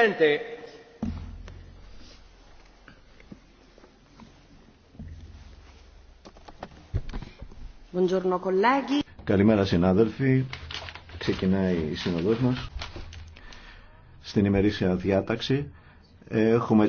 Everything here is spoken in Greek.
presidente Καλημέρα συνάδελφοι. Ξεκινάει η σύνοδός μας. Στην ημερήσια διάταξη έχουμε